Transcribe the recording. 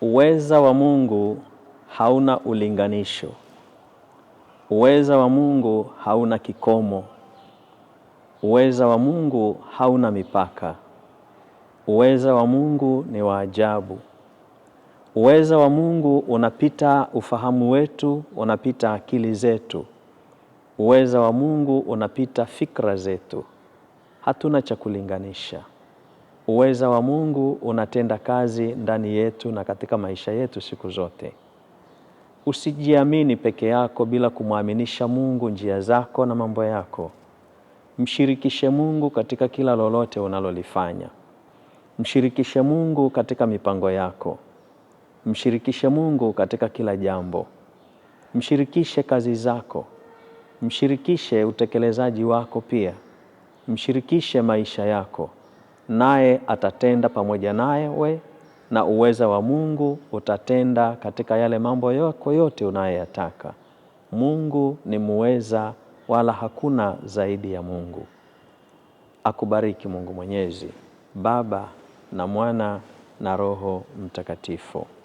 Uweza wa Mungu hauna ulinganisho. Uweza wa Mungu hauna kikomo. Uweza wa Mungu hauna mipaka. Uweza wa Mungu ni wa ajabu. Uweza wa Mungu unapita ufahamu wetu, unapita akili zetu. Uweza wa Mungu unapita fikra zetu. Hatuna cha kulinganisha uweza wa Mungu unatenda kazi ndani yetu na katika maisha yetu siku zote. Usijiamini peke yako bila kumwaminisha Mungu njia zako na mambo yako. Mshirikishe Mungu katika kila lolote unalolifanya. Mshirikishe Mungu katika mipango yako. Mshirikishe Mungu katika kila jambo. Mshirikishe kazi zako. Mshirikishe utekelezaji wako pia. Mshirikishe maisha yako naye atatenda pamoja nawe, na uweza wa Mungu utatenda katika yale mambo yako yote unayoyataka. Mungu ni muweza, wala hakuna zaidi ya Mungu. Akubariki Mungu Mwenyezi, Baba na Mwana na Roho Mtakatifu.